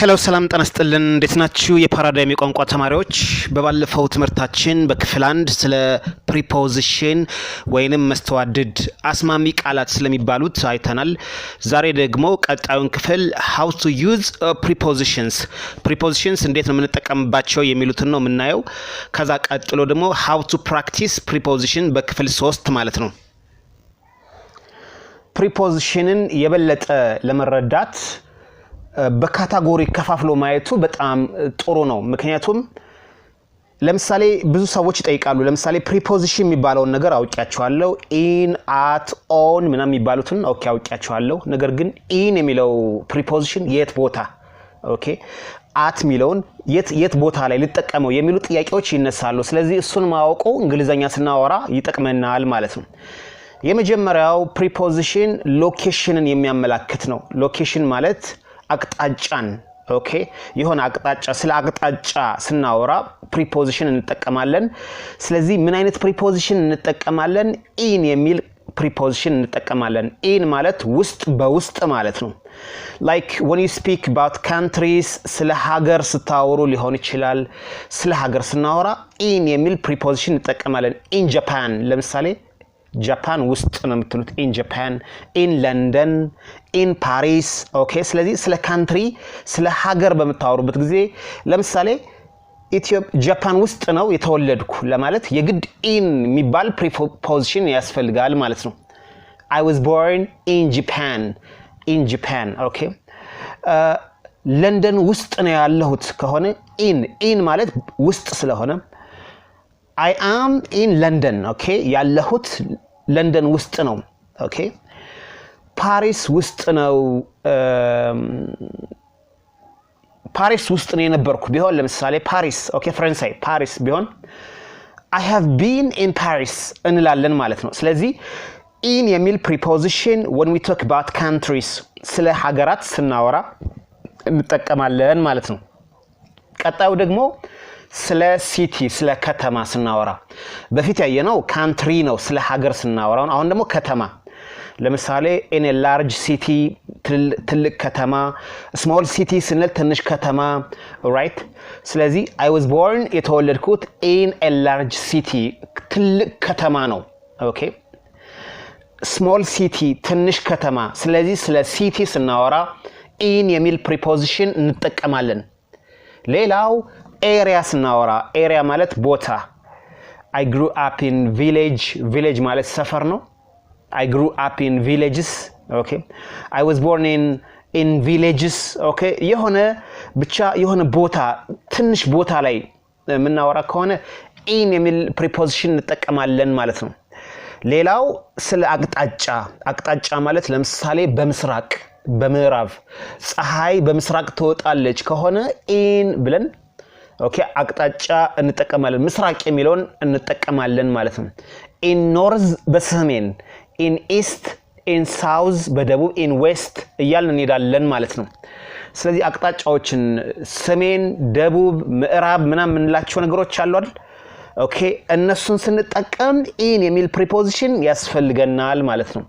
ሄሎ ሰላም ጠነስጥልን እንዴት ናችሁ የፓራዳይም የቋንቋ ተማሪዎች? በባለፈው ትምህርታችን በክፍል አንድ ስለ ፕሪፖዚሽን ወይንም መስተዋድድ አስማሚ ቃላት ስለሚባሉት አይተናል። ዛሬ ደግሞ ቀጣዩን ክፍል ሀው ቱ ዩዝ ፕሪፖዚሽንስ፣ ፕሪፖዚሽንስ እንዴት ነው የምንጠቀምባቸው የሚሉትን ነው የምናየው። ከዛ ቀጥሎ ደግሞ ሀው ቱ ፕራክቲስ ፕሪፖዚሽን በክፍል ሶስት ማለት ነው። ፕሪፖዚሽንን የበለጠ ለመረዳት በካታጎሪ ከፋፍሎ ማየቱ በጣም ጥሩ ነው። ምክንያቱም ለምሳሌ ብዙ ሰዎች ይጠይቃሉ። ለምሳሌ ፕሪፖዚሽን የሚባለውን ነገር አውቂያቸዋለሁ። ኢን፣ አት፣ ኦን ምናም የሚባሉትን ኦኬ አውቂያቸዋለሁ። ነገር ግን ኢን የሚለው ፕሪፖዚሽን የት ቦታ ኦኬ፣ አት የሚለውን የት ቦታ ላይ ልጠቀመው የሚሉ ጥያቄዎች ይነሳሉ። ስለዚህ እሱን ማወቁ እንግሊዘኛ ስናወራ ይጠቅመናል ማለት ነው። የመጀመሪያው ፕሪፖዚሽን ሎኬሽንን የሚያመላክት ነው። ሎኬሽን ማለት አቅጣጫን ኦኬ የሆነ አቅጣጫ ስለ አቅጣጫ ስናወራ ፕሪፖዚሽን እንጠቀማለን። ስለዚህ ምን አይነት ፕሪፖዚሽን እንጠቀማለን? ኢን የሚል ፕሪፖዚሽን እንጠቀማለን። ኢን ማለት ውስጥ በውስጥ ማለት ነው። ላይክ ወን ዩ ስፒክ ባት ካንትሪስ ስለ ሀገር ስታወሩ ሊሆን ይችላል። ስለ ሀገር ስናወራ ኢን የሚል ፕሪፖዚሽን እንጠቀማለን። ኢን ጃፓን ለምሳሌ ጃፓን ውስጥ ነው የምትሉት። ኢን ጃፓን፣ ኢን ለንደን፣ ኢን ፓሪስ። ኦኬ። ስለዚህ ስለ ካንትሪ ስለ ሀገር በምታወሩበት ጊዜ ለምሳሌ ጃፓን ውስጥ ነው የተወለድኩ ለማለት የግድ ኢን የሚባል ፕሪፖዚሽን ያስፈልጋል ማለት ነው። አይ ዋዝ ቦርን ኢን ጃፓን፣ ኢን ጃፓን። ኦኬ። ለንደን ውስጥ ነው ያለሁት ከሆነ ኢን ኢን ማለት ውስጥ ስለሆነ አይ አም ኢን ለንደን ኦኬ፣ ያለሁት ለንደን ውስጥ ነው። ኦኬ፣ ፓሪስ ውስጥ ነው። ፓሪስ um, ውስጥ ነው የነበርኩ ቢሆን ለምሳሌ ፓሪስ ኦኬ፣ ፈረንሳይ ፓሪስ ቢሆን አይ ሃቭ ቢን ኢን ፓሪስ እንላለን ማለት ነው። ስለዚህ ኢን የሚል ፕሪፖዚሽን ወን ዊ ቶክ አባት ካንትሪስ ስለ ሀገራት ስናወራ እንጠቀማለን ማለት ነው። ቀጣዩ ደግሞ ስለ ሲቲ ስለ ከተማ ስናወራ በፊት ያየነው ካንትሪ ነው፣ ስለ ሀገር ስናወራ። አሁን ደግሞ ከተማ ለምሳሌ ኤን ላርጅ ሲቲ ትልቅ ከተማ፣ ስሞል ሲቲ ስንል ትንሽ ከተማ ራይት። ስለዚህ አይ ዋዝ ቦርን የተወለድኩት ኤን ላርጅ ሲቲ ትልቅ ከተማ ነው። ኦኬ ስሞል ሲቲ ትንሽ ከተማ። ስለዚህ ስለ ሲቲ ስናወራ ኢን የሚል ፕሪፖዚሽን እንጠቀማለን። ሌላው ኤሪያ ስናወራ ኤሪያ ማለት ቦታ አይ ግሩ አፕ ኢን ቪሌጅ ቪሌጅ ማለት ሰፈር ነው። አይ ግሩ አፕ ኢን ቪሌጅስ ኦኬ አይ ዋዝ ቦርን ኢን ኢን ቪሌጅስ ኦኬ የሆነ ብቻ የሆነ ቦታ ትንሽ ቦታ ላይ የምናወራ ከሆነ ኢን የሚል ፕሪፖዚሽን እንጠቀማለን ማለት ነው። ሌላው ስለ አቅጣጫ አቅጣጫ ማለት ለምሳሌ በምስራቅ በምዕራብ ፀሐይ በምስራቅ ትወጣለች ከሆነ ኢን ብለን ኦኬ አቅጣጫ እንጠቀማለን። ምስራቅ የሚለውን እንጠቀማለን ማለት ነው። ኢን ኖርዝ በሰሜን ኢን ኢስት ኢን ሳውዝ በደቡብ ኢን ዌስት እያልን እንሄዳለን ማለት ነው። ስለዚህ አቅጣጫዎችን ሰሜን፣ ደቡብ፣ ምዕራብ ምናምን የምንላቸው ነገሮች አሉ አይደል? ኦኬ እነሱን ስንጠቀም ኢን የሚል ፕሪፖዚሽን ያስፈልገናል ማለት ነው።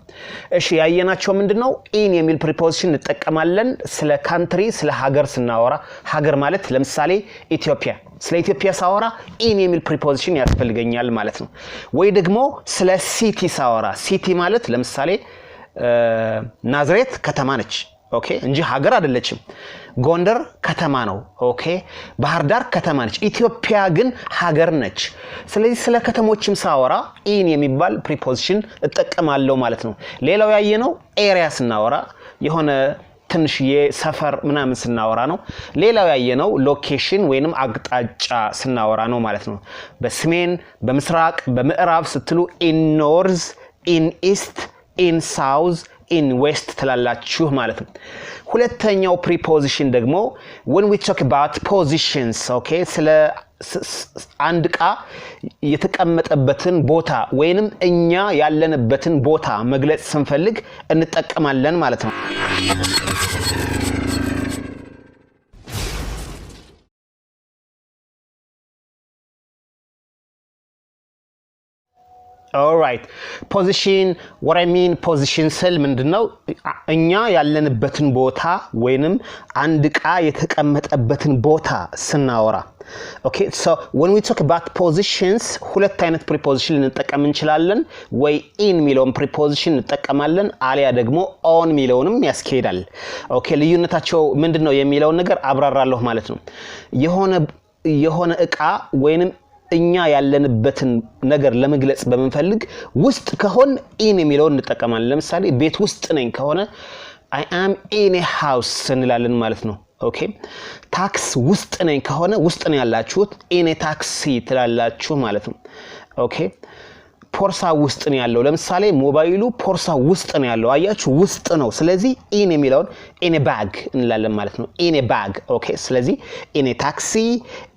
እሺ ያየናቸው ምንድን ነው? ኢን የሚል ፕሪፖዚሽን እንጠቀማለን ስለ ካንትሪ ስለ ሀገር ስናወራ። ሀገር ማለት ለምሳሌ ኢትዮጵያ፣ ስለ ኢትዮጵያ ሳወራ ኢን የሚል ፕሪፖዚሽን ያስፈልገኛል ማለት ነው። ወይ ደግሞ ስለ ሲቲ ሳወራ፣ ሲቲ ማለት ለምሳሌ ናዝሬት ከተማ ነች። ኦኬ እንጂ ሀገር አይደለችም። ጎንደር ከተማ ነው። ኦኬ ባህር ዳር ከተማ ነች። ኢትዮጵያ ግን ሀገር ነች። ስለዚህ ስለ ከተሞችም ሳወራ ኢን የሚባል ፕሪፖዚሽን እጠቀማለሁ ማለት ነው። ሌላው ያየ ነው ኤሪያ ስናወራ የሆነ ትንሽዬ ሰፈር ምናምን ስናወራ ነው። ሌላው ያየነው ሎኬሽን ወይንም አቅጣጫ ስናወራ ነው ማለት ነው። በሰሜን፣ በምስራቅ፣ በምዕራብ ስትሉ ኢን ኖርዝ፣ ኢን ኢስት፣ ኢን ሳውዝ ዌስት ትላላችሁ ማለት ነው። ሁለተኛው ፕሪፖዚሽን ደግሞ ወን ዊ ቶክ አባውት ፖዚሽንስ ኦኬ፣ ስለ አንድ እቃ የተቀመጠበትን ቦታ ወይንም እኛ ያለንበትን ቦታ መግለጽ ስንፈልግ እንጠቀማለን ማለት ነው። ኦራይት ፖዚሽን ወረሚን ፖዚሽን ስል ምንድን ነው? እኛ ያለንበትን ቦታ ወይንም አንድ እቃ የተቀመጠበትን ቦታ ስናወራ ኦኬ ሶ ወን ዊ ቶክ ባት ፖዚሽንስ ሁለት አይነት ፕሪፖዚሽን ልንጠቀም እንችላለን። ወይ ኢን የሚለውን ፕሪፖዚሽን እንጠቀማለን፣ አሊያ ደግሞ ኦን የሚለውንም ያስኬዳል። ኦኬ ልዩነታቸው ምንድን ነው የሚለውን ነገር አብራራለሁ ማለት ነው የሆነ የሆነ እቃ ወይንም እኛ ያለንበትን ነገር ለመግለጽ በምንፈልግ ውስጥ ከሆን ኢን የሚለውን እንጠቀማለን። ለምሳሌ ቤት ውስጥ ነኝ ከሆነ አይ አም ኢን ሃውስ እንላለን ማለት ነው። ኦኬ ታክስ ውስጥ ነኝ ከሆነ ውስጥ ነው ያላችሁት ኢን ታክሲ ትላላችሁ ማለት ነው። ኦኬ ፖርሳ ውስጥ ነው ያለው። ለምሳሌ ሞባይሉ ፖርሳ ውስጥ ነው ያለው። አያችሁ፣ ውስጥ ነው። ስለዚህ ኢን የሚለውን ኢን ባግ እንላለን ማለት ነው። ኢን ባግ ኦኬ። ስለዚህ ኢን ታክሲ፣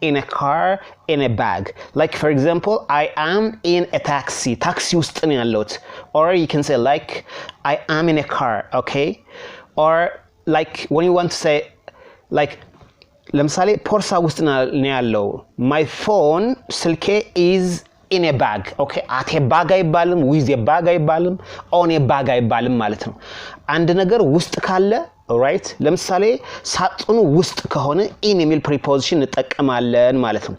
ኢን ካር፣ ኢን ባግ ላይክ ፎር ኤግዛምፕል አይ አም ኢን ታክሲ፣ ታክሲ ውስጥ ነው ያለሁት። ኦር ዩ ካን ሴይ ላይክ አይ አም ኢን ካር ኦኬ። ኦር ላይክ ወን ዩ ዋንት ቱ ሴይ ላይክ ለምሳሌ ፖርሳ ውስጥ ነው ያለው ማይ ፎን ስልኬ ኢዝ ኢን ኤ ባግ ኦኬ አት ኤ ባግ አይባልም፣ ዊዝ ኤ ባግ አይባልም፣ ኦን ኤ ባግ አይባልም ማለት ነው። አንድ ነገር ውስጥ ካለ ራይት ለምሳሌ ሳጥኑ ውስጥ ከሆነ ኢን የሚል ፕሪፖዚሽን እንጠቀማለን ማለት ነው።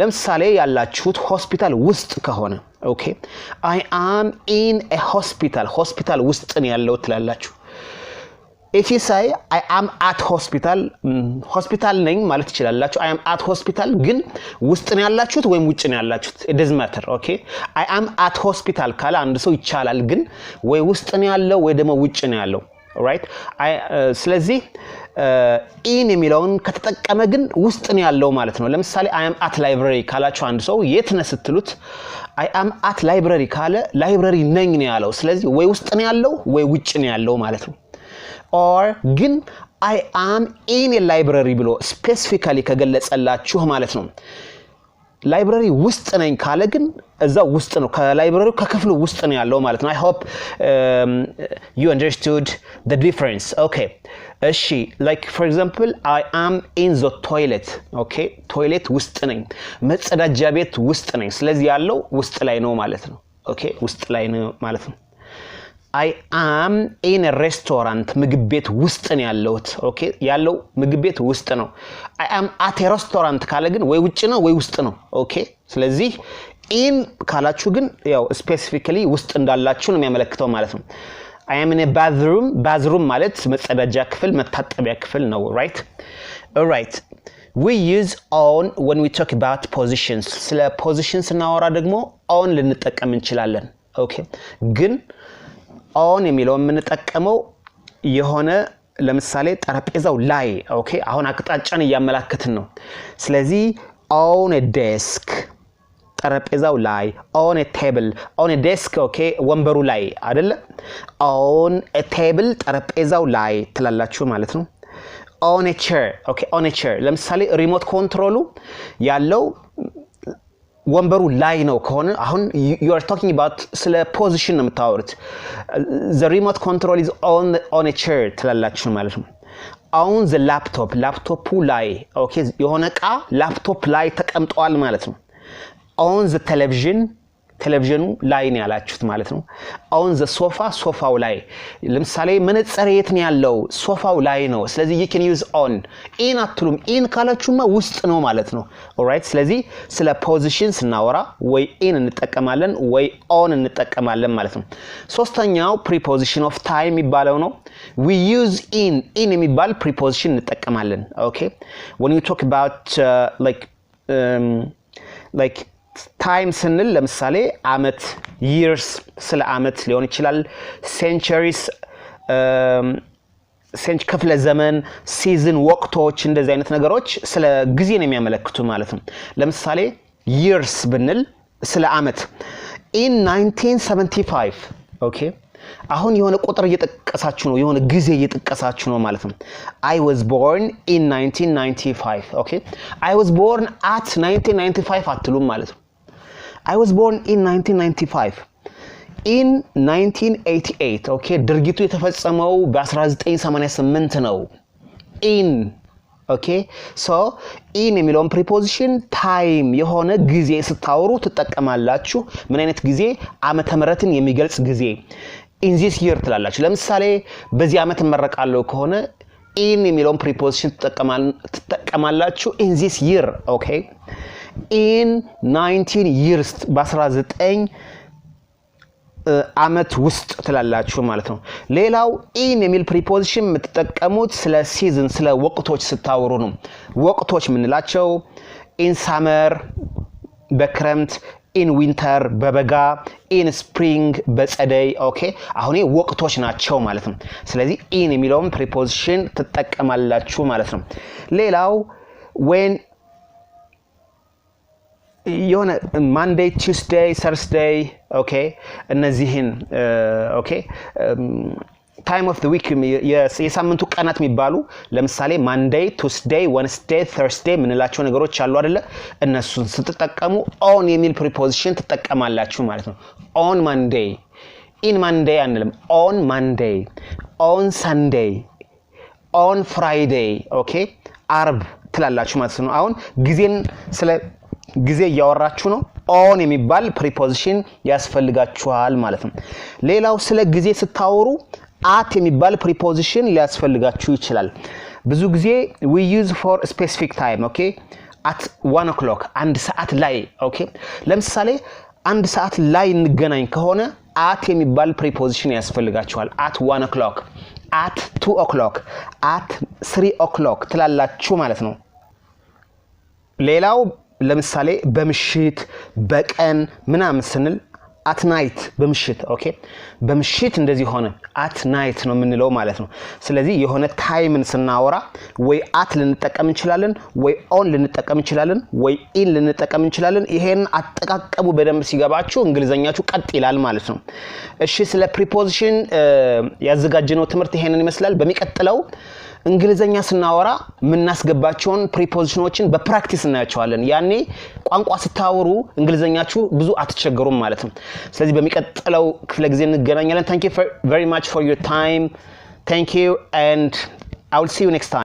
ለምሳሌ ያላችሁት ሆስፒታል ውስጥ ከሆነ ኦኬ አይ አም ኢን ኤ ሆስፒታል ሆስፒታል ውስጥ ነው ያለው ትላላችሁ። ኤፊሳይ አይ አም አት ሆስፒታል ሆስፒታል ነኝ ማለት ትችላላችሁ። አይ አም አት ሆስፒታል ግን ውስጥ ነው ያላችሁት ወይም ውጭ ነው ያላችሁት ደዝ ማተር ኦኬ። አይ አም አት ሆስፒታል ካለ አንድ ሰው ይቻላል፣ ግን ወይ ውስጥ ነው ያለው ወይ ደግሞ ውጭ ነው ያለው ራይት። uh, ስለዚህ ኢን uh, የሚለውን ከተጠቀመ ግን ውስጥ ነው ያለው ማለት ነው። ለምሳሌ አይ አም አት ላይብረሪ ካላችሁ አንድ ሰው የት ነህ ስትሉት አይ አም አት ላይብረሪ ካለ ላይብረሪ ነኝ ነው ያለው። ስለዚህ ወይ ውስጥ ነው ያለው ወይ ውጭ ነው ያለው ማለት ነው። ኦር ግን አይ አም ኢን ላይብረሪ ብሎ ስፔሲፊካሊ ከገለጸላችሁ ማለት ነው። ላይብረሪ ውስጥ ነኝ ካለ ግን እዛ ውስጥ ነው፣ ከላይብረሪ ከክፍሉ ውስጥ ነው ያለው ማለት ነው። አይ ሆፕ ዩ አንደርስቱድ ዘ ዲፍረንስ ኦኬ። እሺ ላይክ ፎር ኤግዛምፕል አይ አም ኢን ዘ ቶይሌት ኦኬ። ቶይሌት ውስጥ ነኝ፣ መጸዳጃ ቤት ውስጥ ነኝ። ስለዚህ ያለው ውስጥ ላይ ነው ማለት ነው። ኦኬ ውስጥ ላይ ነው ማለት ነው። አይ አም ኢን ሬስቶራንት ምግብ ቤት ውስጥ ነው ያለሁት። ኦኬ ያለው ምግብ ቤት ውስጥ ነው። አይ አም አት ሬስቶራንት ካለ ግን ወይ ውጭ ነው ወይ ውስጥ ነው። ኦኬ ስለዚህ ኢን ካላችሁ ግን ያው ስፔሲፊካሊ ውስጥ እንዳላችሁ ነው የሚያመለክተው ማለት ነው። አይ አም ኢን ባዝሩም ባዝሩም ማለት መጸዳጃ ክፍል መታጠቢያ ክፍል ነው። ራይት ራይት ዊ ዩዝ ኦን ወን ዊ ቶክ አባውት ፖዚሽንስ። ስለ ፖዚሽን ስናወራ ደግሞ ኦን ልንጠቀም እንችላለን። ኦኬ ግን ኦን የሚለው የምንጠቀመው የሆነ ለምሳሌ ጠረጴዛው ላይ ኦኬ፣ አሁን አቅጣጫን እያመላከትን ነው። ስለዚህ ኦን ዴስክ ጠረጴዛው ላይ፣ ኦን ቴብል፣ ኦን ዴስክ ኦኬ፣ ወንበሩ ላይ አይደለ? ኦን ቴብል ጠረጴዛው ላይ ትላላችሁ ማለት ነው። ኦን ቸር ኦኬ፣ ኦን ቸር ለምሳሌ ሪሞት ኮንትሮሉ ያለው ወንበሩ ላይ ነው ከሆነ አሁን ዩ አር ቶኪንግ ስለ ፖዚሽን ነው የምታወሩት። ዘ ሪሞት ኮንትሮል ኢዝ ኦን ቼር ትላላችሁ ማለት ነው። አሁን ዘ ላፕቶፕ ላፕቶፑ ላይ የሆነ እቃ ላፕቶፕ ላይ ተቀምጠዋል ማለት ነው። ኦን ዘ ቴሌቪዥን ቴሌቪዥኑ ላይ ነው ያላችሁት ማለት ነው። አሁን ዘ ሶፋ ሶፋው ላይ ለምሳሌ መነጽር የት ነው ያለው? ሶፋው ላይ ነው። ስለዚህ ዩ ኬን ዩዝ ኦን። ኢን አትሉም። ኢን ካላችሁማ ውስጥ ነው ማለት ነው። ኦራይት። ስለዚህ ስለ ፖዚሽን ስናወራ ወይ ኢን እንጠቀማለን ወይ ኦን እንጠቀማለን ማለት ነው። ሶስተኛው ፕሪፖዚሽን ኦፍ ታይም የሚባለው ነው። ዊ ዩዝ ኢን። ኢን የሚባል ፕሪፖዚሽን እንጠቀማለን። ኦኬ ዌን ዩ ቶክ አባውት ላይክ ታይም ስንል ለምሳሌ አመት ይርስ፣ ስለ አመት ሊሆን ይችላል። ሴንቸሪስ um, ክፍለ ዘመን፣ ሲዝን፣ ወቅቶች እንደዚህ አይነት ነገሮች ስለ ጊዜ ነው የሚያመለክቱ ማለት ነው። ለምሳሌ ይርስ ብንል ስለ አመት ኢን 1975 ኦኬ። አሁን የሆነ ቁጥር እየጠቀሳችሁ ነው፣ የሆነ ጊዜ እየጠቀሳችሁ ነው ማለት ነው። አይ ወዝ ቦርን ኢን 1995 ኦኬ። አይ ወዝ ቦርን አት 1995 አትሉም ማለት ነው። አይ ዋዝ ቦርን ኢን 1995 ኢን 1988 ኦኬ። ድርጊቱ የተፈጸመው በ1988 ነው። ኢን ኦኬ። ሶ ኢን የሚለውን ፕሪፖዚሽን ታይም የሆነ ጊዜ ስታወሩ ትጠቀማላችሁ። ምን አይነት ጊዜ? አመተ ምህረትን የሚገልጽ ጊዜ ኢን ይር ትላላችሁ። ለምሳሌ በዚህ አመት እመረቃለሁ ከሆነ ኢን የሚለውን ፕሪፖዚሽን ትጠቀማላችሁ። ኢን ይር ኦኬ ኢን 19 ይርስ በ19 አመት ውስጥ ትላላችሁ ማለት ነው። ሌላው ኢን የሚል ፕሪፖዚሽን የምትጠቀሙት ስለ ሲዝን ስለ ወቅቶች ስታወሩ ነው። ወቅቶች የምንላቸው ኢን ሳመር በክረምት ኢን ዊንተር በበጋ ኢን ስፕሪንግ በጸደይ። ኦኬ አሁን ወቅቶች ናቸው ማለት ነው። ስለዚህ ኢን የሚለውን ፕሪፖዚሽን ትጠቀማላችሁ ማለት ነው። ሌላው ዌን የሆነ ማንዴይ ቱስዴይ ሰርስዴይ ኦኬ እነዚህን ኦኬ ታይም ኦፍ ዊክ የሳምንቱ ቀናት የሚባሉ ለምሳሌ ማንዴይ ቱስዴይ ወንስዴይ ተርስዴይ የምንላቸው ነገሮች አሉ አደለ እነሱን ስትጠቀሙ ኦን የሚል ፕሪፖዚሽን ትጠቀማላችሁ ማለት ነው ኦን ማንዴይ ኢን ማንዴይ አንልም ኦን ማንዴይ ኦን ሰንዴይ ኦን ፍራይዴይ ኦኬ አርብ ትላላችሁ ማለት ነው አሁን ጊዜን ስለ ጊዜ እያወራችሁ ነው። ኦን የሚባል ፕሪፖዚሽን ያስፈልጋችኋል ማለት ነው። ሌላው ስለ ጊዜ ስታወሩ አት የሚባል ፕሪፖዚሽን ሊያስፈልጋችሁ ይችላል። ብዙ ጊዜ ዊ ዩዝ ፎር ስፔሲፊክ ታይም ኦኬ አት ዋን ኦክሎክ አንድ ሰዓት ላይ ኦኬ። ለምሳሌ አንድ ሰዓት ላይ እንገናኝ ከሆነ አት የሚባል ፕሪፖዚሽን ያስፈልጋችኋል። አት ዋን ኦክሎክ፣ አት ቱ ኦክሎክ፣ አት ስሪ ኦክሎክ ትላላችሁ ማለት ነው። ሌላው ለምሳሌ በምሽት በቀን ምናምን ስንል አትናይት በምሽት ኦኬ፣ በምሽት እንደዚህ ሆነ አትናይት ነው የምንለው ማለት ነው። ስለዚህ የሆነ ታይምን ስናወራ ወይ አት ልንጠቀም እንችላለን፣ ወይ ኦን ልንጠቀም እንችላለን፣ ወይ ኢን ልንጠቀም እንችላለን። ይሄን አጠቃቀሙ በደንብ ሲገባችሁ እንግሊዘኛችሁ ቀጥ ይላል ማለት ነው። እሺ፣ ስለ ፕሪፖዚሽን ያዘጋጀነው ትምህርት ይሄንን ይመስላል። በሚቀጥለው እንግሊዘኛ ስናወራ የምናስገባቸውን ፕሪፖዚሽኖችን በፕራክቲስ እናያቸዋለን። ያኔ ቋንቋ ስታወሩ እንግሊዘኛችሁ ብዙ አትቸገሩም ማለት ነው። ስለዚህ በሚቀጥለው ክፍለ ጊዜ እንገናኛለን። ታንክ ዩ ቨሪ ማች ፎር ዩር ታይም ታንክ ዩ ኤንድ አይ ዊል ሲ ዩ ኔክስት ታይም